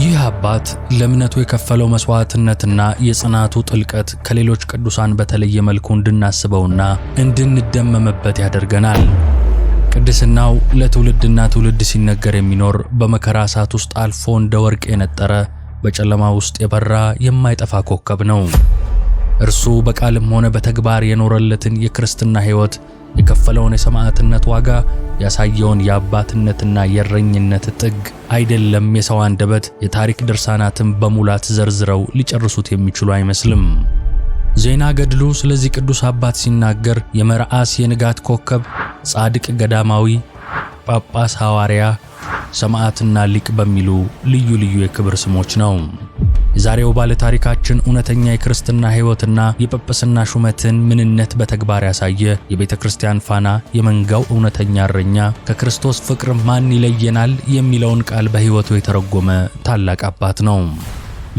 ይህ አባት ለእምነቱ የከፈለው መስዋዕትነትና የጽናቱ ጥልቀት ከሌሎች ቅዱሳን በተለየ መልኩ እንድናስበውና እንድንደመምበት ያደርገናል። ቅድስናው ለትውልድና ትውልድ ሲነገር የሚኖር በመከራ እሳት ውስጥ አልፎ እንደ ወርቅ የነጠረ በጨለማ ውስጥ የበራ የማይጠፋ ኮከብ ነው። እርሱ በቃልም ሆነ በተግባር የኖረለትን የክርስትና ሕይወት የከፈለውን የሰማዕትነት ዋጋ፣ ያሳየውን የአባትነትና የእረኝነት ጥግ አይደለም የሰው አንደበት የታሪክ ድርሳናትን በሙላት ዘርዝረው ሊጨርሱት የሚችሉ አይመስልም። ዜና ገድሉ ስለዚህ ቅዱስ አባት ሲናገር የመርዓስ የንጋት ኮከብ ጻድቅ ገዳማዊ ጳጳስ፣ ሐዋርያ፣ ሰማዕትና ሊቅ በሚሉ ልዩ ልዩ የክብር ስሞች ነው። የዛሬው ባለታሪካችን እውነተኛ የክርስትና ሕይወትና የጵጵስና ሹመትን ምንነት በተግባር ያሳየ የቤተ ክርስቲያን ፋና፣ የመንጋው እውነተኛ እረኛ፣ ከክርስቶስ ፍቅር ማን ይለየናል የሚለውን ቃል በሕይወቱ የተረጎመ ታላቅ አባት ነው።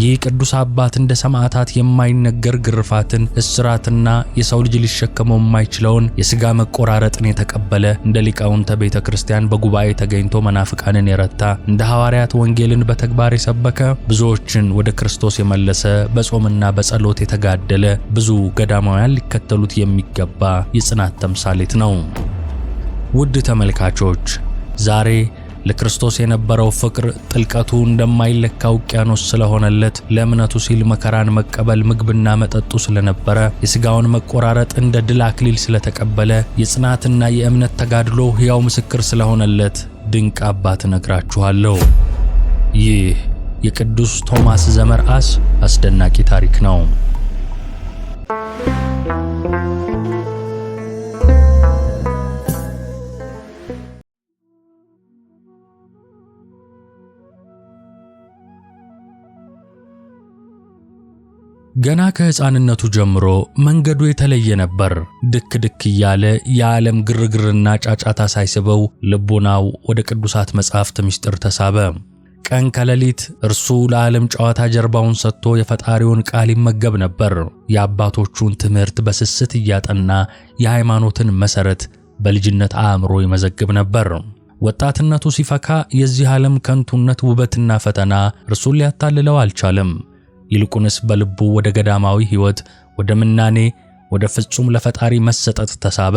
ይህ ቅዱስ አባት እንደ ሰማዕታት የማይነገር ግርፋትን፣ እስራትና የሰው ልጅ ሊሸከመው የማይችለውን የሥጋ መቆራረጥን የተቀበለ እንደ ሊቃውንተ ቤተ ክርስቲያን በጉባኤ ተገኝቶ መናፍቃንን የረታ እንደ ሐዋርያት ወንጌልን በተግባር የሰበከ ብዙዎችን ወደ ክርስቶስ የመለሰ በጾምና በጸሎት የተጋደለ ብዙ ገዳማውያን ሊከተሉት የሚገባ የጽናት ተምሳሌት ነው። ውድ ተመልካቾች ዛሬ ለክርስቶስ የነበረው ፍቅር ጥልቀቱ እንደማይለካ ውቅያኖስ ስለሆነለት ለእምነቱ ሲል መከራን መቀበል ምግብና መጠጡ ስለነበረ የሥጋውን መቆራረጥ እንደ ድል አክሊል ስለተቀበለ የጽናትና የእምነት ተጋድሎ ሕያው ምስክር ስለሆነለት ድንቅ አባት እነግራችኋለሁ። ይህ የቅዱስ ቶማስ ዘመርዓስ አስደናቂ ታሪክ ነው። ገና ከሕፃንነቱ ጀምሮ መንገዱ የተለየ ነበር። ድክ ድክ እያለ የዓለም ግርግርና ጫጫታ ሳይስበው ልቦናው ወደ ቅዱሳት መጻሕፍት ምስጢር ተሳበ። ቀን ከሌሊት እርሱ ለዓለም ጨዋታ ጀርባውን ሰጥቶ የፈጣሪውን ቃል ይመገብ ነበር። የአባቶቹን ትምህርት በስስት እያጠና የሃይማኖትን መሠረት በልጅነት አእምሮ ይመዘግብ ነበር። ወጣትነቱ ሲፈካ የዚህ ዓለም ከንቱነት ውበትና ፈተና እርሱን ሊያታልለው አልቻለም። ይልቁንስ በልቡ ወደ ገዳማዊ ሕይወት፣ ወደ ምናኔ፣ ወደ ፍጹም ለፈጣሪ መሰጠት ተሳበ።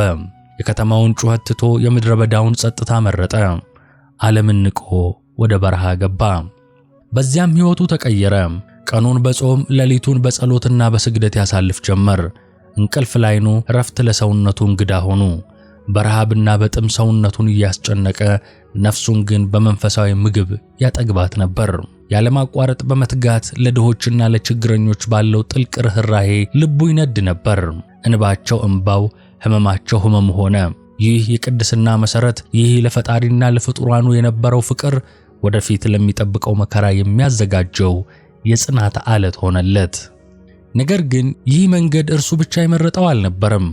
የከተማውን ጩኸት ትቶ የምድረ በዳውን ጸጥታ መረጠ። ዓለምን ንቆ ወደ በረሃ ገባ። በዚያም ሕይወቱ ተቀየረ። ቀኑን በጾም ሌሊቱን በጸሎትና በስግደት ያሳልፍ ጀመር። እንቅልፍ ላይኑ እረፍት ለሰውነቱ እንግዳ ሆኑ። በረሃብና በጥም ሰውነቱን እያስጨነቀ ነፍሱን ግን በመንፈሳዊ ምግብ ያጠግባት ነበር። ያለማቋረጥ በመትጋት ለድሆችና ለችግረኞች ባለው ጥልቅ ርኅራሄ ልቡ ይነድ ነበር። እንባቸው እንባው፣ ህመማቸው ህመም ሆነ። ይህ የቅድስና መሠረት፣ ይህ ለፈጣሪና ለፍጡራኑ የነበረው ፍቅር ወደፊት ለሚጠብቀው መከራ የሚያዘጋጀው የጽናት ዓለት ሆነለት። ነገር ግን ይህ መንገድ እርሱ ብቻ የመረጠው አልነበረም።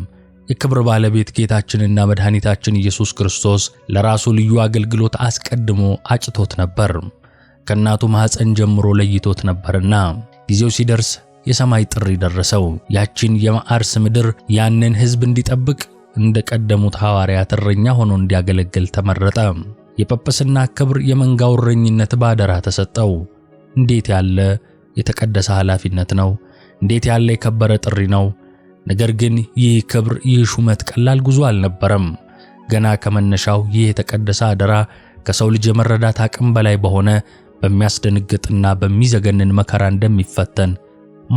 የክብር ባለቤት ጌታችንና መድኃኒታችን ኢየሱስ ክርስቶስ ለራሱ ልዩ አገልግሎት አስቀድሞ አጭቶት ነበር። ከእናቱ ማኅፀን ጀምሮ ለይቶት ነበርና ጊዜው ሲደርስ የሰማይ ጥሪ ደረሰው። ያችን የመዓርስ ምድር ያንን ሕዝብ እንዲጠብቅ እንደ ቀደሙት ሐዋርያት እረኛ ሆኖ እንዲያገለግል ተመረጠ። የጵጵስና ክብር፣ የመንጋው እረኝነት ባደራ ተሰጠው። እንዴት ያለ የተቀደሰ ኃላፊነት ነው! እንዴት ያለ የከበረ ጥሪ ነው! ነገር ግን ይህ ክብር፣ ይህ ሹመት ቀላል ጉዞ አልነበረም። ገና ከመነሻው ይህ የተቀደሰ አደራ ከሰው ልጅ የመረዳት አቅም በላይ በሆነ በሚያስደነግጥና በሚዘገንን መከራ እንደሚፈተን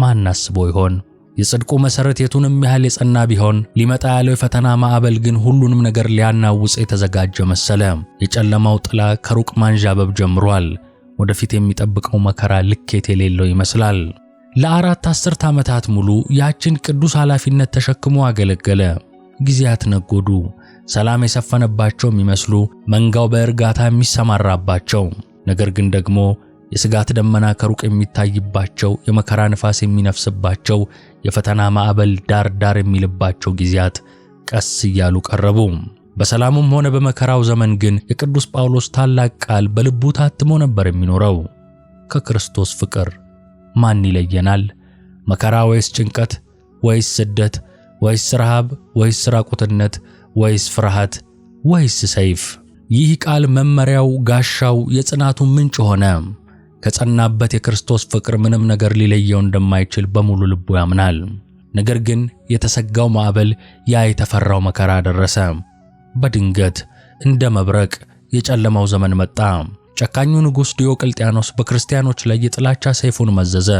ማን አስቦ ይሆን? የጽድቁ መሠረት የቱንም ያህል የጸና ቢሆን ሊመጣ ያለው የፈተና ማዕበል ግን ሁሉንም ነገር ሊያናውጽ የተዘጋጀ መሰለ። የጨለማው ጥላ ከሩቅ ማንዣበብ ጀምሯል። ወደፊት የሚጠብቀው መከራ ልኬት የሌለው ይመስላል። ለአራት አስርት ዓመታት ሙሉ ያችን ቅዱስ ኃላፊነት ተሸክሞ አገለገለ። ጊዜያት ነጎዱ። ሰላም የሰፈነባቸው የሚመስሉ መንጋው በእርጋታ የሚሰማራባቸው ነገር ግን ደግሞ የስጋት ደመና ከሩቅ የሚታይባቸው፣ የመከራ ንፋስ የሚነፍስባቸው፣ የፈተና ማዕበል ዳር ዳር የሚልባቸው ጊዜያት ቀስ እያሉ ቀረቡ። በሰላሙም ሆነ በመከራው ዘመን ግን የቅዱስ ጳውሎስ ታላቅ ቃል በልቡ ታትሞ ነበር የሚኖረው። ከክርስቶስ ፍቅር ማን ይለየናል? መከራ ወይስ ጭንቀት ወይስ ስደት ወይስ ረሃብ ወይስ ራቁትነት ወይስ ፍርሃት ወይስ ሰይፍ? ይህ ቃል መመሪያው፣ ጋሻው፣ የጽናቱ ምንጭ ሆነ። ከጸናበት የክርስቶስ ፍቅር ምንም ነገር ሊለየው እንደማይችል በሙሉ ልቡ ያምናል። ነገር ግን የተሰጋው ማዕበል፣ ያ የተፈራው መከራ ደረሰ። በድንገት እንደ መብረቅ የጨለማው ዘመን መጣ። ጨካኙ ንጉሥ ዲዮቅልጥያኖስ በክርስቲያኖች ላይ የጥላቻ ሰይፉን መዘዘ።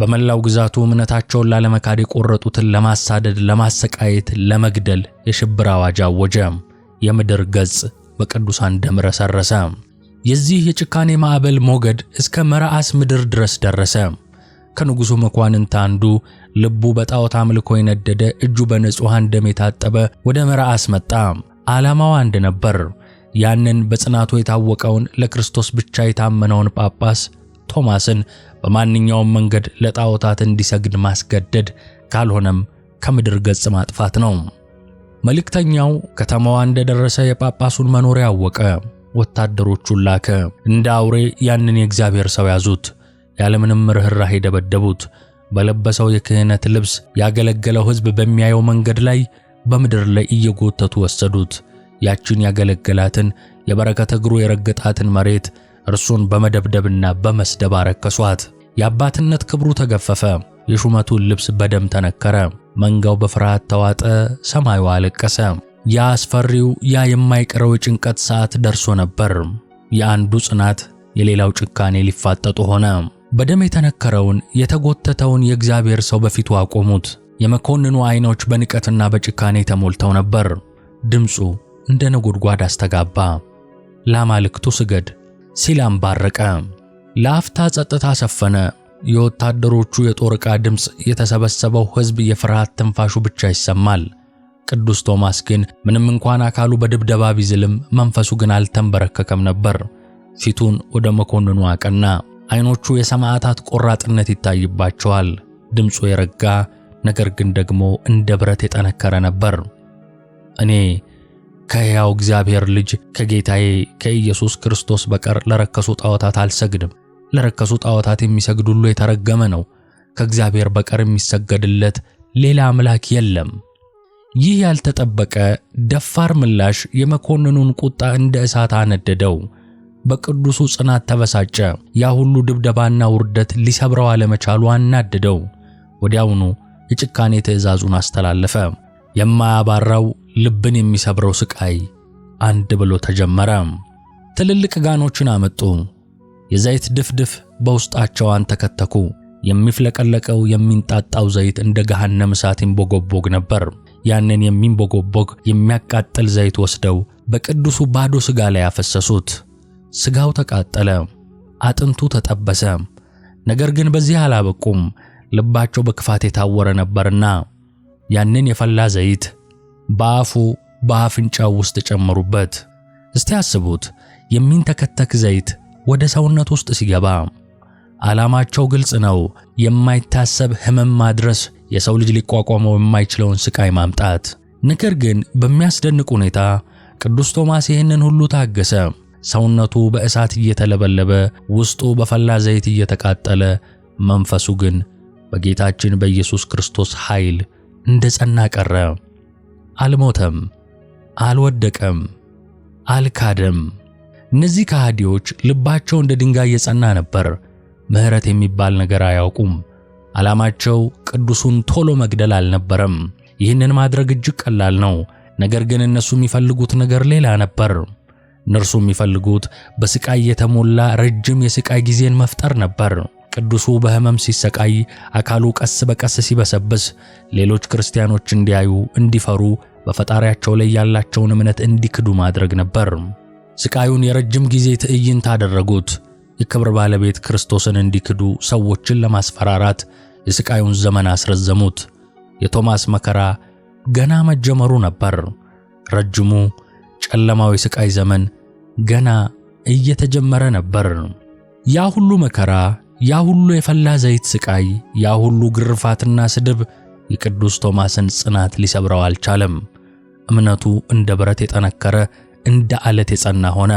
በመላው ግዛቱ እምነታቸውን ላለመካድ የቆረጡትን ለማሳደድ፣ ለማሰቃየት፣ ለመግደል የሽብር አዋጅ አወጀ። የምድር ገጽ በቅዱሳን ደም ረሰረሰ። የዚህ የጭካኔ ማዕበል ሞገድ እስከ መርዓስ ምድር ድረስ ደረሰ። ከንጉሡ መኳንንት አንዱ ልቡ በጣዖት አምልኮ የነደደ እጁ በንጹሐን ደም የታጠበ ወደ መርዓስ መጣ። ዓላማው አንድ ነበር፤ ያንን በጽናቱ የታወቀውን ለክርስቶስ ብቻ የታመነውን ጳጳስ ቶማስን በማንኛውም መንገድ ለጣዖታት እንዲሰግድ ማስገደድ፣ ካልሆነም ከምድር ገጽ ማጥፋት ነው። መልእክተኛው ከተማዋ እንደደረሰ የጳጳሱን መኖሪያ አወቀ። ወታደሮቹን ላከ። እንደ አውሬ ያንን የእግዚአብሔር ሰው ያዙት፣ ያለምንም ርኅራኄ ደበደቡት። በለበሰው የክህነት ልብስ ያገለገለው ሕዝብ በሚያየው መንገድ ላይ በምድር ላይ እየጎተቱ ወሰዱት። ያችን ያገለገላትን የበረከት እግሩ የረገጣትን መሬት እርሱን በመደብደብና በመስደብ አረከሷት። የአባትነት ክብሩ ተገፈፈ። የሹመቱን ልብስ በደም ተነከረ። መንጋው በፍርሃት ተዋጠ፣ ሰማዩ አለቀሰ። ያ አስፈሪው፣ ያ የማይቀረው የጭንቀት ሰዓት ደርሶ ነበር። የአንዱ ጽናት የሌላው ጭካኔ ሊፋጠጡ ሆነ። በደም የተነከረውን የተጎተተውን የእግዚአብሔር ሰው በፊቱ አቆሙት። የመኮንኑ አይኖች በንቀትና በጭካኔ ተሞልተው ነበር። ድምፁ እንደ ነጎድጓድ አስተጋባ። ለአማልክቱ ስገድ ሲል አንባረቀ። ለአፍታ ጸጥታ ሰፈነ። የወታደሮቹ የጦር ዕቃ ድምፅ፣ የተሰበሰበው ሕዝብ የፍርሃት ትንፋሹ ብቻ ይሰማል። ቅዱስ ቶማስ ግን ምንም እንኳን አካሉ በድብደባ ቢዝልም መንፈሱ ግን አልተንበረከከም ነበር። ፊቱን ወደ መኮንኑ አቀና። አይኖቹ የሰማዕታት ቆራጥነት ይታይባቸዋል። ድምፁ የረጋ ነገር ግን ደግሞ እንደ ብረት የጠነከረ ነበር። እኔ ከሕያው እግዚአብሔር ልጅ ከጌታዬ ከኢየሱስ ክርስቶስ በቀር ለረከሱ ጣዖታት አልሰግድም ለረከሱ ጣዖታት የሚሰግድ ሁሉ የተረገመ ነው፣ ከእግዚአብሔር በቀር የሚሰገድለት ሌላ አምላክ የለም። ይህ ያልተጠበቀ ደፋር ምላሽ የመኮንኑን ቁጣ እንደ እሳት አነደደው። በቅዱሱ ጽናት ተበሳጨ። ያ ሁሉ ድብደባና ውርደት ሊሰብረው አለመቻሉ አናደደው። ወዲያውኑ የጭካኔ ትእዛዙን አስተላለፈ። የማያባራው ልብን የሚሰብረው ስቃይ አንድ ብሎ ተጀመረ። ትልልቅ ጋኖችን አመጡ። የዘይት ድፍድፍ በውስጣቸው ተከተኩ የሚፍለቀለቀው የሚንጣጣው ዘይት እንደ ገሃነም እሳት ይንቦጎቦግ ነበር። ያንን የሚንቦጎቦግ የሚያቃጥል ዘይት ወስደው በቅዱሱ ባዶ ሥጋ ላይ ያፈሰሱት። ሥጋው ተቃጠለ፣ አጥንቱ ተጠበሰ። ነገር ግን በዚህ አላበቁም። ልባቸው በክፋት የታወረ ነበርና ያንን የፈላ ዘይት በአፉ በአፍንጫው ውስጥ ጨመሩበት። እስቲ አስቡት የሚንተከተክ ዘይት ወደ ሰውነት ውስጥ ሲገባ ዓላማቸው ግልጽ ነው። የማይታሰብ ህመም ማድረስ፣ የሰው ልጅ ሊቋቋመው የማይችለውን ስቃይ ማምጣት። ነገር ግን በሚያስደንቅ ሁኔታ ቅዱስ ቶማስ ይህንን ሁሉ ታገሰ። ሰውነቱ በእሳት እየተለበለበ፣ ውስጡ በፈላ ዘይት እየተቃጠለ፣ መንፈሱ ግን በጌታችን በኢየሱስ ክርስቶስ ኃይል እንደ ጸና ቀረ። አልሞተም፣ አልወደቀም፣ አልካደም። እነዚህ ከሃዲዎች ልባቸው እንደ ድንጋይ የጸና ነበር። ምሕረት የሚባል ነገር አያውቁም። ዓላማቸው ቅዱሱን ቶሎ መግደል አልነበረም። ይህንን ማድረግ እጅግ ቀላል ነው። ነገር ግን እነሱ የሚፈልጉት ነገር ሌላ ነበር። እነርሱ የሚፈልጉት በስቃይ የተሞላ ረጅም የስቃይ ጊዜን መፍጠር ነበር። ቅዱሱ በህመም ሲሰቃይ፣ አካሉ ቀስ በቀስ ሲበሰብስ፣ ሌሎች ክርስቲያኖች እንዲያዩ፣ እንዲፈሩ፣ በፈጣሪያቸው ላይ ያላቸውን እምነት እንዲክዱ ማድረግ ነበር። ስቃዩን የረጅም ጊዜ ትዕይንት አደረጉት። የክብር ባለቤት ክርስቶስን እንዲክዱ ሰዎችን ለማስፈራራት የስቃዩን ዘመን አስረዘሙት። የቶማስ መከራ ገና መጀመሩ ነበር። ረጅሙ ጨለማው የስቃይ ዘመን ገና እየተጀመረ ነበር። ያ ሁሉ መከራ፣ ያ ሁሉ የፈላ ዘይት ስቃይ፣ ያ ሁሉ ግርፋትና ስድብ የቅዱስ ቶማስን ጽናት ሊሰብረው አልቻለም። እምነቱ እንደ ብረት የጠነከረ እንደ አለት የጸና ሆነ።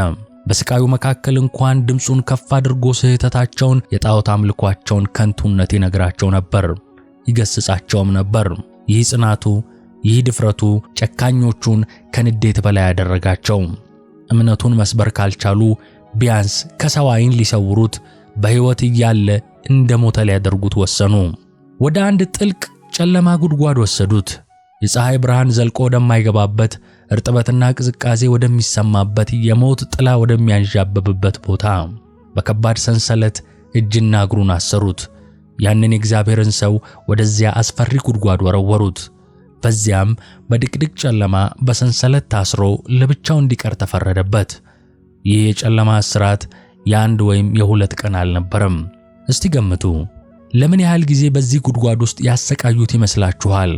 በስቃዩ መካከል እንኳን ድምፁን ከፍ አድርጎ ስህተታቸውን፣ የጣዖት አምልኳቸውን ከንቱነት ይነግራቸው ነበር፣ ይገስጻቸውም ነበር። ይህ ጽናቱ፣ ይህ ድፍረቱ ጨካኞቹን ከንዴት በላይ ያደረጋቸው። እምነቱን መስበር ካልቻሉ ቢያንስ ከሰው ዓይን ሊሰውሩት በሕይወት እያለ እንደ ሞተ ሊያደርጉት ወሰኑ። ወደ አንድ ጥልቅ ጨለማ ጉድጓድ ወሰዱት። የፀሐይ ብርሃን ዘልቆ ወደማይገባበት እርጥበትና ቅዝቃዜ ወደሚሰማበት የሞት ጥላ ወደሚያንዣብብበት ቦታ በከባድ ሰንሰለት እጅና እግሩን አሰሩት። ያንን የእግዚአብሔርን ሰው ወደዚያ አስፈሪ ጉድጓድ ወረወሩት። በዚያም በድቅድቅ ጨለማ በሰንሰለት ታስሮ ለብቻው እንዲቀር ተፈረደበት። ይህ የጨለማ እስራት የአንድ ወይም የሁለት ቀን አልነበረም። እስቲ ገምቱ፣ ለምን ያህል ጊዜ በዚህ ጉድጓድ ውስጥ ያሰቃዩት ይመስላችኋል?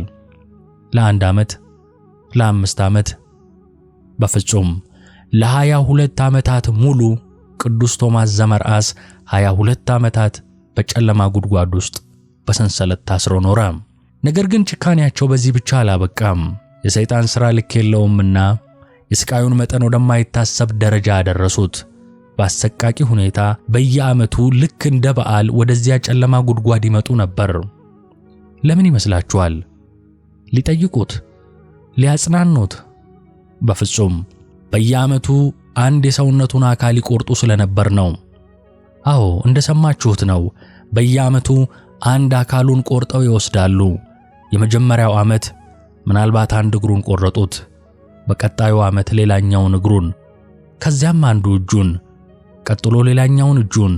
ለአንድ ዓመት? ለአምስት ዓመት? በፍጹም ለሃያ ሁለት ዓመታት ሙሉ ቅዱስ ቶማስ ዘመርዓስ ሃያ ሁለት ዓመታት በጨለማ ጉድጓድ ውስጥ በሰንሰለት ታስሮ ኖረ። ነገር ግን ጭካኔያቸው በዚህ ብቻ አላበቃም። የሰይጣን ሥራ ልክ የለውምና የስቃዩን መጠን ወደማይታሰብ ደረጃ አደረሱት። በአሰቃቂ ሁኔታ በየዓመቱ ልክ እንደ በዓል ወደዚያ ጨለማ ጉድጓድ ይመጡ ነበር። ለምን ይመስላችኋል? ሊጠይቁት፣ ሊያጽናኑት በፍጹም በየዓመቱ አንድ የሰውነቱን አካል ይቆርጡ ስለነበር ነው። አዎ እንደሰማችሁት ነው። በየዓመቱ አንድ አካሉን ቆርጠው ይወስዳሉ። የመጀመሪያው ዓመት ምናልባት አንድ እግሩን ቆረጡት፣ በቀጣዩ ዓመት ሌላኛውን እግሩን፣ ከዚያም አንዱ እጁን፣ ቀጥሎ ሌላኛውን እጁን፣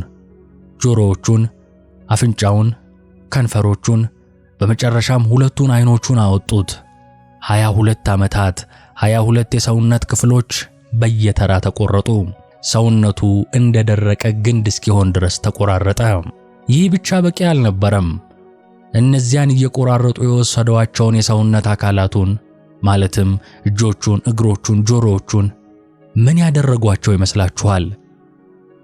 ጆሮዎቹን፣ አፍንጫውን፣ ከንፈሮቹን፣ በመጨረሻም ሁለቱን አይኖቹን አወጡት። ሃያ ሁለት ዓመታት ሀያ ሁለት የሰውነት ክፍሎች በየተራ ተቆረጡ። ሰውነቱ እንደደረቀ ግንድ እስኪሆን ድረስ ተቆራረጠ። ይህ ብቻ በቂ አልነበረም። እነዚያን እየቆራረጡ የወሰዷቸውን የሰውነት አካላቱን ማለትም እጆቹን፣ እግሮቹን፣ ጆሮዎቹን ምን ያደረጓቸው ይመስላችኋል?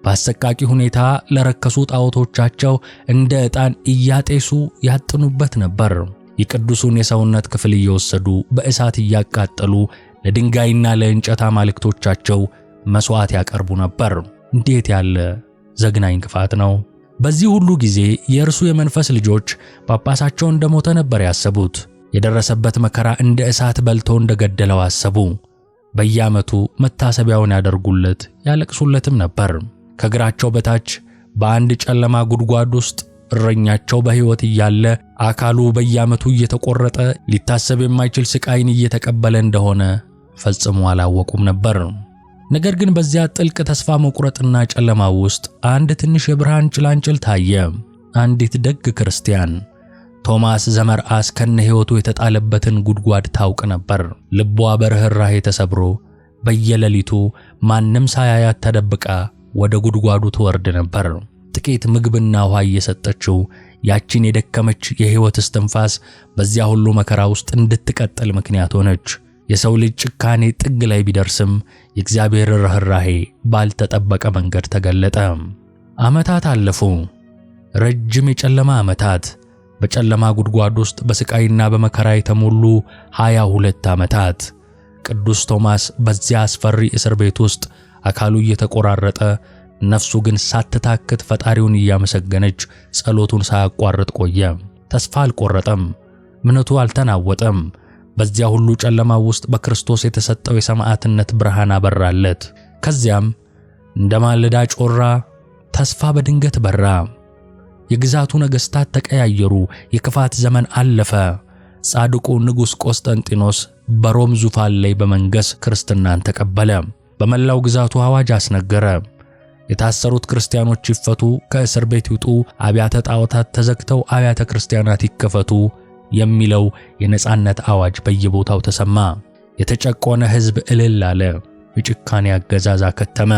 በአሰቃቂ ሁኔታ ለረከሱ ጣዖቶቻቸው እንደ ዕጣን እያጤሱ ያጥኑበት ነበር። የቅዱሱን የሰውነት ክፍል እየወሰዱ በእሳት እያቃጠሉ ለድንጋይና ለእንጨት አማልክቶቻቸው መሥዋዕት ያቀርቡ ነበር። እንዴት ያለ ዘግናኝ ክፋት ነው! በዚህ ሁሉ ጊዜ የእርሱ የመንፈስ ልጆች ጳጳሳቸው እንደሞተ ነበር ያሰቡት። የደረሰበት መከራ እንደ እሳት በልቶ እንደገደለው አሰቡ። በየዓመቱ መታሰቢያውን ያደርጉለት ያለቅሱለትም ነበር። ከእግራቸው በታች በአንድ ጨለማ ጉድጓድ ውስጥ እረኛቸው በሕይወት እያለ አካሉ በየዓመቱ እየተቆረጠ ሊታሰብ የማይችል ስቃይን እየተቀበለ እንደሆነ ፈጽሞ አላወቁም ነበር። ነገር ግን በዚያ ጥልቅ ተስፋ መቁረጥና ጨለማ ውስጥ አንድ ትንሽ የብርሃን ጭላንጭል ታየ። አንዲት ደግ ክርስቲያን ቶማስ ዘመርአስ ከነ ሕይወቱ የተጣለበትን ጉድጓድ ታውቅ ነበር። ልቧ በርኅራኄ ተሰብሮ በየሌሊቱ ማንም ሳያያት ተደብቃ ወደ ጉድጓዱ ትወርድ ነበር። ጥቂት ምግብና ውሃ እየሰጠችው ያቺን የደከመች የሕይወት እስትንፋስ በዚያ ሁሉ መከራ ውስጥ እንድትቀጥል ምክንያት ሆነች። የሰው ልጅ ጭካኔ ጥግ ላይ ቢደርስም የእግዚአብሔር ርኅራኄ ባልተጠበቀ መንገድ ተገለጠ። ዓመታት አለፉ። ረጅም የጨለማ ዓመታት፣ በጨለማ ጉድጓድ ውስጥ በሥቃይና በመከራ የተሞሉ ሃያ ሁለት ዓመታት። ቅዱስ ቶማስ በዚያ አስፈሪ እስር ቤት ውስጥ አካሉ እየተቆራረጠ ነፍሱ ግን ሳትታክት ፈጣሪውን እያመሰገነች ጸሎቱን ሳያቋርጥ ቆየ። ተስፋ አልቆረጠም፣ እምነቱ አልተናወጠም። በዚያ ሁሉ ጨለማ ውስጥ በክርስቶስ የተሰጠው የሰማዕትነት ብርሃን አበራለት። ከዚያም እንደ ማለዳ ጮራ ተስፋ በድንገት በራ። የግዛቱ ነገሥታት ተቀያየሩ። የክፋት ዘመን አለፈ። ጻድቁ ንጉሥ ቆስጠንጢኖስ በሮም ዙፋን ላይ በመንገስ ክርስትናን ተቀበለ። በመላው ግዛቱ አዋጅ አስነገረ። የታሰሩት ክርስቲያኖች ይፈቱ፣ ከእስር ቤት ይውጡ፣ አብያተ ጣዖታት ተዘግተው አብያተ ክርስቲያናት ይከፈቱ የሚለው የነጻነት አዋጅ በየቦታው ተሰማ። የተጨቆነ ሕዝብ እልል አለ፣ የጭካኔ አገዛዝ አከተመ።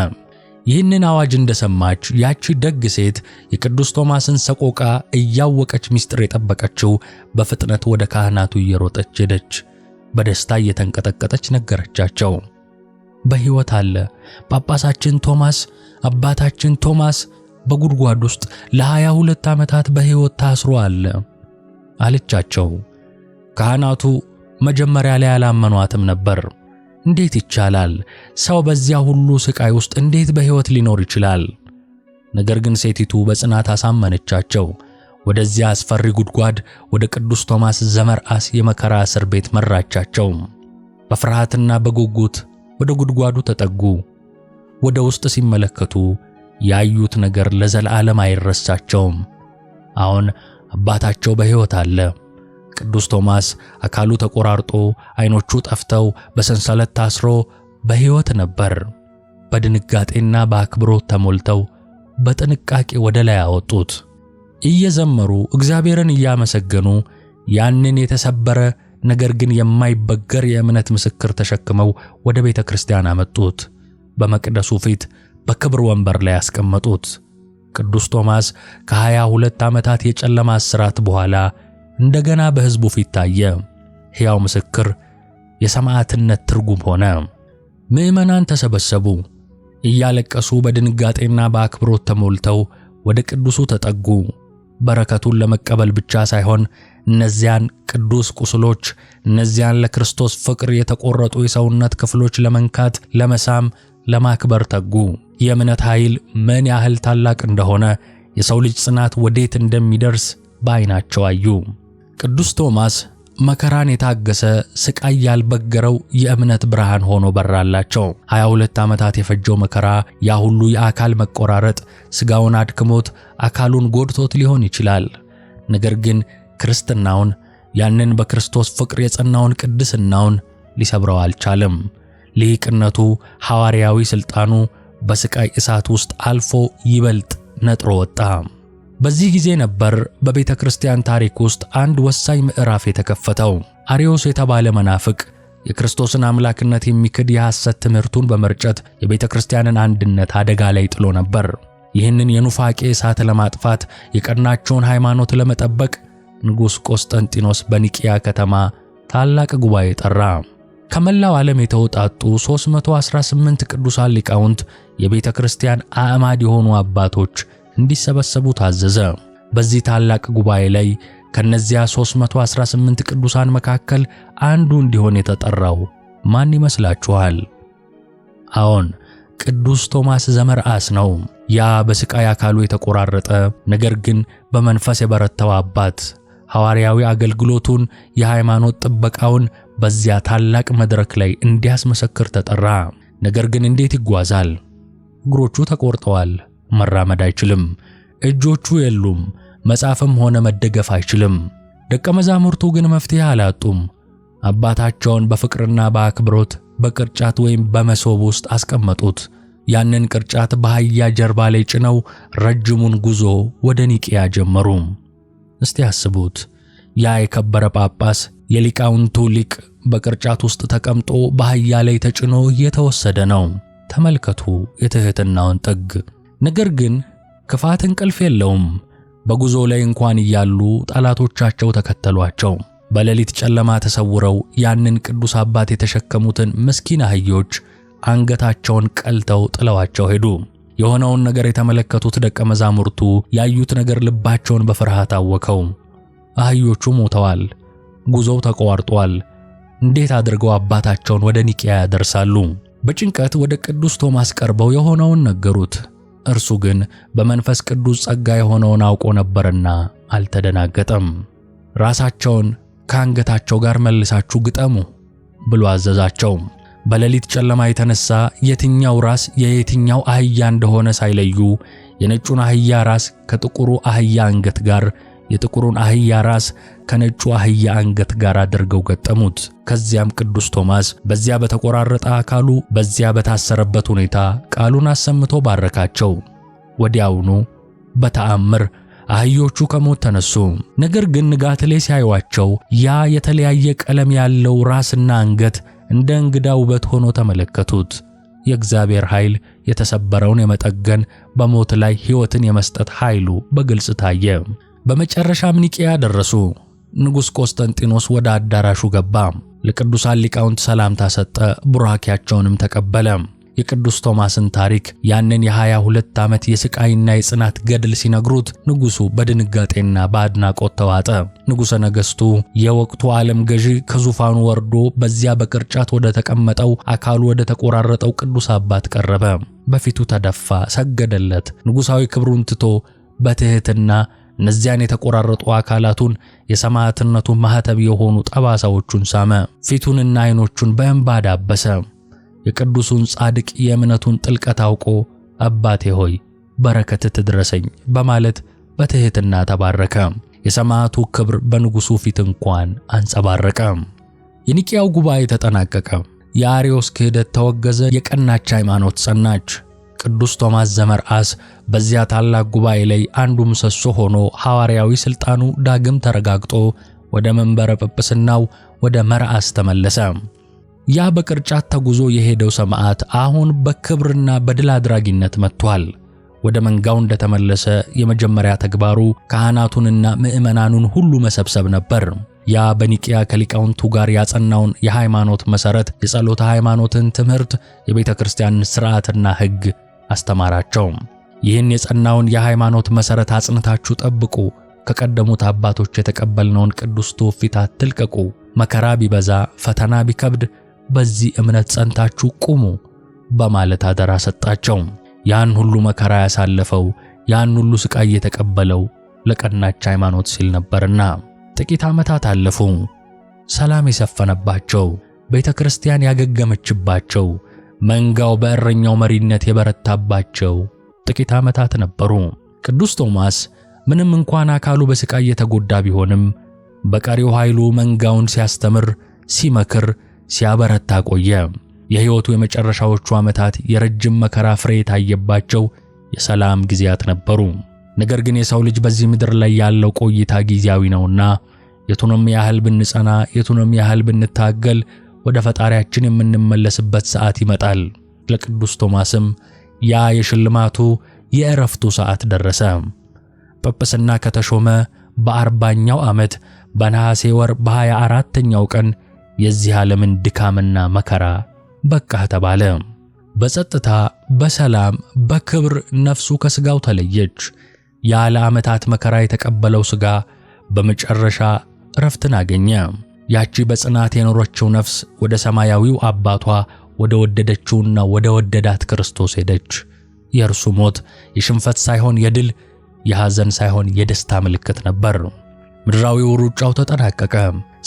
ይህንን አዋጅ እንደሰማች ያቺ ደግ ሴት የቅዱስ ቶማስን ሰቆቃ እያወቀች ምስጢር የጠበቀችው በፍጥነት ወደ ካህናቱ እየሮጠች ሄደች። በደስታ እየተንቀጠቀጠች ነገረቻቸው። በሕይወት አለ ጳጳሳችን ቶማስ አባታችን ቶማስ በጉድጓድ ውስጥ ለሃያ ሁለት ዓመታት በሕይወት ታስሮ አለ አለቻቸው። ካህናቱ መጀመሪያ ላይ አላመኗትም ነበር። እንዴት ይቻላል? ሰው በዚያ ሁሉ ስቃይ ውስጥ እንዴት በሕይወት ሊኖር ይችላል? ነገር ግን ሴቲቱ በጽናት አሳመነቻቸው። ወደዚያ አስፈሪ ጉድጓድ ወደ ቅዱስ ቶማስ ዘመርአስ የመከራ እስር ቤት መራቻቸው። በፍርሃትና በጉጉት ወደ ጉድጓዱ ተጠጉ። ወደ ውስጥ ሲመለከቱ ያዩት ነገር ለዘላለም አይረሳቸውም። አሁን አባታቸው በሕይወት አለ። ቅዱስ ቶማስ አካሉ ተቆራርጦ አይኖቹ ጠፍተው በሰንሰለት ታስሮ በሕይወት ነበር። በድንጋጤና በአክብሮት ተሞልተው በጥንቃቄ ወደ ላይ አወጡት። እየዘመሩ እግዚአብሔርን እያመሰገኑ ያንን የተሰበረ ነገር ግን የማይበገር የእምነት ምስክር ተሸክመው ወደ ቤተ ክርስቲያን አመጡት። በመቅደሱ ፊት በክብር ወንበር ላይ ያስቀመጡት። ቅዱስ ቶማስ ከሃያ ሁለት ዓመታት የጨለማ እስራት በኋላ እንደገና በሕዝቡ ፊት ታየ። ሕያው ምስክር የሰማዕትነት ትርጉም ሆነ። ምዕመናን ተሰበሰቡ። እያለቀሱ በድንጋጤና በአክብሮት ተሞልተው ወደ ቅዱሱ ተጠጉ። በረከቱን ለመቀበል ብቻ ሳይሆን እነዚያን ቅዱስ ቁስሎች፣ እነዚያን ለክርስቶስ ፍቅር የተቆረጡ የሰውነት ክፍሎች ለመንካት፣ ለመሳም፣ ለማክበር ተጉ። የእምነት ኃይል ምን ያህል ታላቅ እንደሆነ፣ የሰው ልጅ ጽናት ወዴት እንደሚደርስ በዓይናቸው አዩ። ቅዱስ ቶማስ መከራን የታገሰ ስቃይ ያልበገረው የእምነት ብርሃን ሆኖ በራላቸው። 22 ዓመታት የፈጀው መከራ፣ ያ ሁሉ የአካል መቆራረጥ ስጋውን አድክሞት አካሉን ጎድቶት ሊሆን ይችላል። ነገር ግን ክርስትናውን፣ ያንን በክርስቶስ ፍቅር የጸናውን ቅድስናውን ሊሰብረው አልቻለም። ልሂቅነቱ፣ ሐዋርያዊ ሥልጣኑ በሥቃይ እሳት ውስጥ አልፎ ይበልጥ ነጥሮ ወጣ። በዚህ ጊዜ ነበር በቤተ ክርስቲያን ታሪክ ውስጥ አንድ ወሳኝ ምዕራፍ የተከፈተው። አሪዮስ የተባለ መናፍቅ የክርስቶስን አምላክነት የሚክድ የሐሰት ትምህርቱን በመርጨት የቤተ ክርስቲያንን አንድነት አደጋ ላይ ጥሎ ነበር። ይህንን የኑፋቄ እሳት ለማጥፋት የቀናቸውን ሃይማኖት ለመጠበቅ ንጉሥ ቆስጠንጢኖስ በኒቅያ ከተማ ታላቅ ጉባኤ ጠራ። ከመላው ዓለም የተውጣጡ 318 ቅዱሳን ሊቃውንት የቤተ ክርስቲያን አዕማድ የሆኑ አባቶች እንዲሰበሰቡ ታዘዘ። በዚህ ታላቅ ጉባኤ ላይ ከነዚያ 318 ቅዱሳን መካከል አንዱ እንዲሆን የተጠራው ማን ይመስላችኋል? አዎን ቅዱስ ቶማስ ዘመርአስ ነው። ያ በስቃይ አካሉ የተቆራረጠ ነገር ግን በመንፈስ የበረታው አባት ሐዋርያዊ አገልግሎቱን፣ የሃይማኖት ጥበቃውን በዚያ ታላቅ መድረክ ላይ እንዲያስመሰክር ተጠራ። ነገር ግን እንዴት ይጓዛል? እግሮቹ ተቆርጠዋል፣ መራመድ አይችልም። እጆቹ የሉም፣ መጻፍም ሆነ መደገፍ አይችልም። ደቀ መዛሙርቱ ግን መፍትሄ አላጡም። አባታቸውን በፍቅርና በአክብሮት በቅርጫት ወይም በመሶብ ውስጥ አስቀመጡት። ያንን ቅርጫት በአህያ ጀርባ ላይ ጭነው ረጅሙን ጉዞ ወደ ኒቅያ ጀመሩ። እስቲ አስቡት፣ ያ የከበረ ጳጳስ የሊቃውንቱ ሊቅ በቅርጫት ውስጥ ተቀምጦ በአህያ ላይ ተጭኖ እየተወሰደ ነው። ተመልከቱ የትህትናውን ጥግ። ነገር ግን ክፋት እንቅልፍ የለውም። በጉዞ ላይ እንኳን እያሉ ጠላቶቻቸው ተከተሏቸው። በሌሊት ጨለማ ተሰውረው ያንን ቅዱስ አባት የተሸከሙትን ምስኪን አህዮች አንገታቸውን ቀልተው ጥለዋቸው ሄዱ። የሆነውን ነገር የተመለከቱት ደቀ መዛሙርቱ ያዩት ነገር ልባቸውን በፍርሃት አወከው። አህዮቹ ሞተዋል። ጉዞው ተቋርጧል። እንዴት አድርገው አባታቸውን ወደ ኒቅያ ያደርሳሉ? በጭንቀት ወደ ቅዱስ ቶማስ ቀርበው የሆነውን ነገሩት። እርሱ ግን በመንፈስ ቅዱስ ጸጋ የሆነውን አውቆ ነበርና አልተደናገጠም። ራሳቸውን ከአንገታቸው ጋር መልሳችሁ ግጠሙ ብሎ አዘዛቸው። በሌሊት ጨለማ የተነሳ የትኛው ራስ የየትኛው አህያ እንደሆነ ሳይለዩ የነጩን አህያ ራስ ከጥቁሩ አህያ አንገት ጋር፣ የጥቁሩን አህያ ራስ ከነጩ አህያ አንገት ጋር አድርገው ገጠሙት። ከዚያም ቅዱስ ቶማስ በዚያ በተቆራረጠ አካሉ በዚያ በታሰረበት ሁኔታ ቃሉን አሰምቶ ባረካቸው። ወዲያውኑ በተአምር አህዮቹ ከሞት ተነሱ። ነገር ግን ንጋት ላይ ሲያዩዋቸው ያ የተለያየ ቀለም ያለው ራስና አንገት እንደ እንግዳ ውበት ሆኖ ተመለከቱት። የእግዚአብሔር ኃይል የተሰበረውን የመጠገን በሞት ላይ ሕይወትን የመስጠት ኃይሉ በግልጽ ታየ። በመጨረሻም ኒቂያ ደረሱ። ንጉሥ ቆስጠንጢኖስ ወደ አዳራሹ ገባ። ለቅዱሳን ሊቃውንት ሰላምታ ሰጠ፣ ቡራኪያቸውንም ተቀበለ። የቅዱስ ቶማስን ታሪክ ያንን የሃያ ሁለት ዓመት የሥቃይና የጽናት ገድል ሲነግሩት ንጉሡ በድንጋጤና በአድናቆት ተዋጠ። ንጉሠ ነገሥቱ የወቅቱ ዓለም ገዢ ከዙፋኑ ወርዶ በዚያ በቅርጫት ወደ ተቀመጠው አካሉ ወደ ተቆራረጠው ቅዱስ አባት ቀረበ። በፊቱ ተደፋ፣ ሰገደለት። ንጉሣዊ ክብሩን ትቶ በትሕትና እነዚያን የተቆራረጡ አካላቱን የሰማዕትነቱ ማህተብ የሆኑ ጠባሳዎቹን ሳመ። ፊቱንና አይኖቹን በእንባ ዳበሰ። የቅዱሱን ጻድቅ የእምነቱን ጥልቀት አውቆ አባቴ ሆይ በረከት ትድረሰኝ በማለት በትሕትና ተባረከ። የሰማዕቱ ክብር በንጉሡ ፊት እንኳን አንጸባረቀ። የኒቅያው ጉባኤ ተጠናቀቀ። የአርዮስ ክህደት ተወገዘ። የቀናች ሃይማኖት ጸናች። ቅዱስ ቶማስ ዘመርዓስ በዚያ ታላቅ ጉባኤ ላይ አንዱ ምሰሶ ሆኖ ሐዋርያዊ ሥልጣኑ ዳግም ተረጋግጦ ወደ መንበረ ጵጵስናው ወደ መርዓስ ተመለሰ። ያ በቅርጫት ተጉዞ የሄደው ሰማዕት አሁን በክብርና በድል አድራጊነት መጥቷል። ወደ መንጋው እንደተመለሰ የመጀመሪያ ተግባሩ ካህናቱንና ምዕመናኑን ሁሉ መሰብሰብ ነበር። ያ በኒቅያ ከሊቃውንቱ ጋር ያጸናውን የሃይማኖት መሠረት፣ የጸሎተ ሃይማኖትን ትምህርት፣ የቤተ ክርስቲያንን ሥርዓትና ሕግ አስተማራቸው። ይህን የጸናውን የሃይማኖት መሠረት አጽንታችሁ ጠብቁ፣ ከቀደሙት አባቶች የተቀበልነውን ቅዱስ ትውፊት አትልቀቁ፣ መከራ ቢበዛ ፈተና ቢከብድ በዚህ እምነት ጸንታችሁ ቁሙ በማለት አደራ ሰጣቸው። ያን ሁሉ መከራ ያሳለፈው ያን ሁሉ ስቃይ የተቀበለው ለቀናች ሃይማኖት ሲል ነበርና። ጥቂት ዓመታት አለፉ። ሰላም የሰፈነባቸው፣ ቤተ ክርስቲያን ያገገመችባቸው፣ መንጋው በእረኛው መሪነት የበረታባቸው ጥቂት ዓመታት ነበሩ። ቅዱስ ቶማስ ምንም እንኳን አካሉ በስቃይ የተጎዳ ቢሆንም በቀሪው ኃይሉ መንጋውን ሲያስተምር፣ ሲመክር፣ ሲያበረታ ቆየ። የሕይወቱ የመጨረሻዎቹ ዓመታት የረጅም መከራ ፍሬ የታየባቸው የሰላም ጊዜያት ነበሩ። ነገር ግን የሰው ልጅ በዚህ ምድር ላይ ያለው ቆይታ ጊዜያዊ ነውና የቱንም ያህል ብንጸና፣ የቱንም ያህል ብንታገል ወደ ፈጣሪያችን የምንመለስበት ሰዓት ይመጣል። ለቅዱስ ቶማስም ያ የሽልማቱ የእረፍቱ ሰዓት ደረሰ። ጵጵስና ከተሾመ በአርባኛው ዓመት በነሐሴ ወር በሃያ አራተኛው ቀን የዚህ ዓለምን ድካምና መከራ በቃህ ተባለ። በጸጥታ በሰላም በክብር ነፍሱ ከሥጋው ተለየች። ያለ ለዓመታት መከራ የተቀበለው ሥጋ በመጨረሻ እረፍትን አገኘ። ያቺ በጽናት የኖረችው ነፍስ ወደ ሰማያዊው አባቷ ወደ ወደደችውና ወደ ወደዳት ክርስቶስ ሄደች። የእርሱ ሞት የሽንፈት ሳይሆን የድል፣ የሐዘን ሳይሆን የደስታ ምልክት ነበር። ምድራዊው ሩጫው ተጠናቀቀ።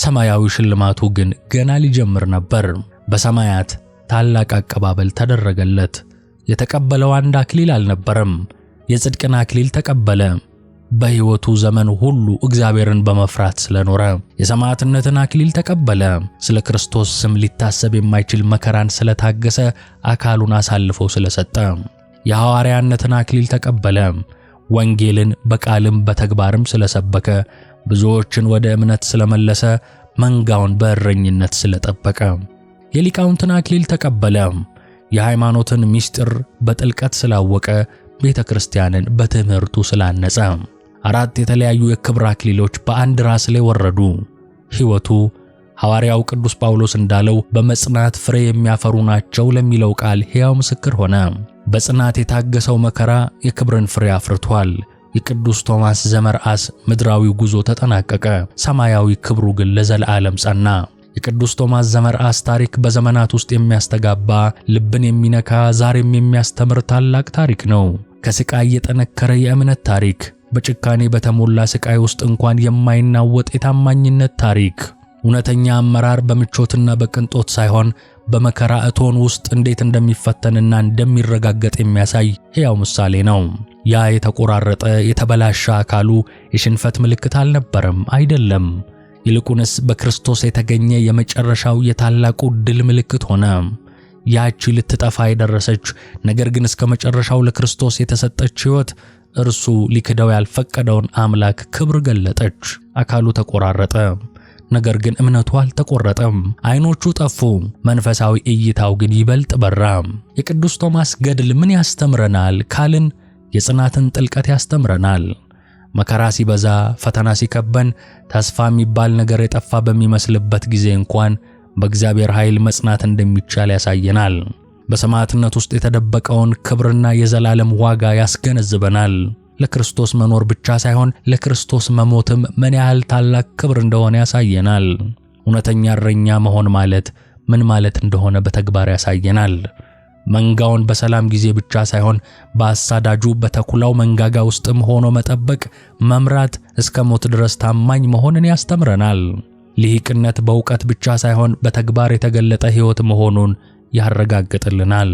ሰማያዊ ሽልማቱ ግን ገና ሊጀምር ነበር። በሰማያት ታላቅ አቀባበል ተደረገለት። የተቀበለው አንድ አክሊል አልነበረም፣ የጽድቅን አክሊል ተቀበለ። በሕይወቱ ዘመን ሁሉ እግዚአብሔርን በመፍራት ስለኖረ የሰማዕትነትን አክሊል ተቀበለ። ስለ ክርስቶስ ስም ሊታሰብ የማይችል መከራን ስለታገሰ አካሉን አሳልፎ ስለሰጠ የሐዋርያነትን አክሊል ተቀበለ። ወንጌልን በቃልም በተግባርም ስለሰበከ ብዙዎችን ወደ እምነት ስለመለሰ መንጋውን በእረኝነት ስለጠበቀ የሊቃውንትን አክሊል ተቀበለ። የሃይማኖትን ምስጢር በጥልቀት ስላወቀ ቤተ ክርስቲያንን በትምህርቱ ስላነጸ አራት የተለያዩ የክብር አክሊሎች በአንድ ራስ ላይ ወረዱ። ሕይወቱ ሐዋርያው ቅዱስ ጳውሎስ እንዳለው በመጽናት ፍሬ የሚያፈሩ ናቸው ለሚለው ቃል ሕያው ምስክር ሆነ። በጽናት የታገሰው መከራ የክብርን ፍሬ አፍርቷል። የቅዱስ ቶማስ ዘመርዓስ ምድራዊ ጉዞ ተጠናቀቀ፣ ሰማያዊ ክብሩ ግን ለዘላለም ጸና። የቅዱስ ቶማስ ዘመርዓስ ታሪክ በዘመናት ውስጥ የሚያስተጋባ ልብን የሚነካ ዛሬም የሚያስተምር ታላቅ ታሪክ ነው። ከስቃይ የጠነከረ የእምነት ታሪክ በጭካኔ በተሞላ ስቃይ ውስጥ እንኳን የማይናወጥ የታማኝነት ታሪክ። እውነተኛ አመራር በምቾትና በቅንጦት ሳይሆን በመከራ እቶን ውስጥ እንዴት እንደሚፈተንና እንደሚረጋገጥ የሚያሳይ ሕያው ምሳሌ ነው። ያ የተቆራረጠ የተበላሸ አካሉ የሽንፈት ምልክት አልነበረም፣ አይደለም። ይልቁንስ በክርስቶስ የተገኘ የመጨረሻው የታላቁ ድል ምልክት ሆነ። ያቺ ልትጠፋ የደረሰች ነገር ግን እስከ መጨረሻው ለክርስቶስ የተሰጠች ሕይወት እርሱ ሊክደው ያልፈቀደውን አምላክ ክብር ገለጠች። አካሉ ተቆራረጠ፣ ነገር ግን እምነቱ አልተቆረጠም። አይኖቹ ጠፉ፣ መንፈሳዊ እይታው ግን ይበልጥ በራ። የቅዱስ ቶማስ ገድል ምን ያስተምረናል ካልን የጽናትን ጥልቀት ያስተምረናል። መከራ ሲበዛ፣ ፈተና ሲከበን፣ ተስፋ የሚባል ነገር የጠፋ በሚመስልበት ጊዜ እንኳን በእግዚአብሔር ኃይል መጽናት እንደሚቻል ያሳየናል። በሰማዕትነት ውስጥ የተደበቀውን ክብርና የዘላለም ዋጋ ያስገነዝበናል። ለክርስቶስ መኖር ብቻ ሳይሆን ለክርስቶስ መሞትም ምን ያህል ታላቅ ክብር እንደሆነ ያሳየናል። እውነተኛ እረኛ መሆን ማለት ምን ማለት እንደሆነ በተግባር ያሳየናል። መንጋውን በሰላም ጊዜ ብቻ ሳይሆን በአሳዳጁ በተኩላው መንጋጋ ውስጥም ሆኖ መጠበቅ፣ መምራት፣ እስከ ሞት ድረስ ታማኝ መሆንን ያስተምረናል። ልሂቅነት በእውቀት ብቻ ሳይሆን በተግባር የተገለጠ ሕይወት መሆኑን ያረጋግጥልናል።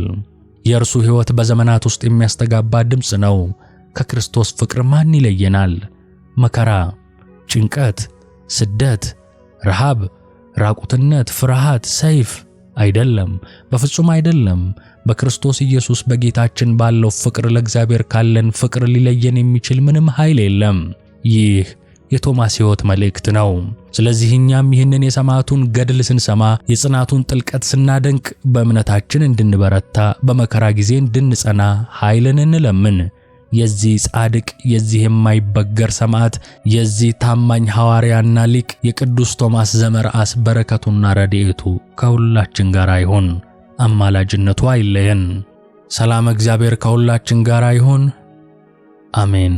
የእርሱ ሕይወት በዘመናት ውስጥ የሚያስተጋባ ድምፅ ነው። ከክርስቶስ ፍቅር ማን ይለየናል? መከራ፣ ጭንቀት፣ ስደት፣ ረሃብ፣ ራቁትነት፣ ፍርሃት፣ ሰይፍ? አይደለም፣ በፍጹም አይደለም። በክርስቶስ ኢየሱስ በጌታችን ባለው ፍቅር ለእግዚአብሔር ካለን ፍቅር ሊለየን የሚችል ምንም ኃይል የለም። ይህ የቶማስ ሕይወት መልእክት ነው። ስለዚህ እኛም ይህንን የሰማዕቱን ገድል ስንሰማ የጽናቱን ጥልቀት ስናደንቅ በእምነታችን እንድንበረታ፣ በመከራ ጊዜ እንድንጸና ኃይልን እንለምን። የዚህ ጻድቅ የዚህ የማይበገር ሰማዕት የዚህ ታማኝ ሐዋርያና ሊቅ የቅዱስ ቶማስ ዘመርዓስ በረከቱና ረድኤቱ ከሁላችን ጋር ይሁን፣ አማላጅነቱ አይለየን። ሰላም እግዚአብሔር ከሁላችን ጋር ይሁን። አሜን።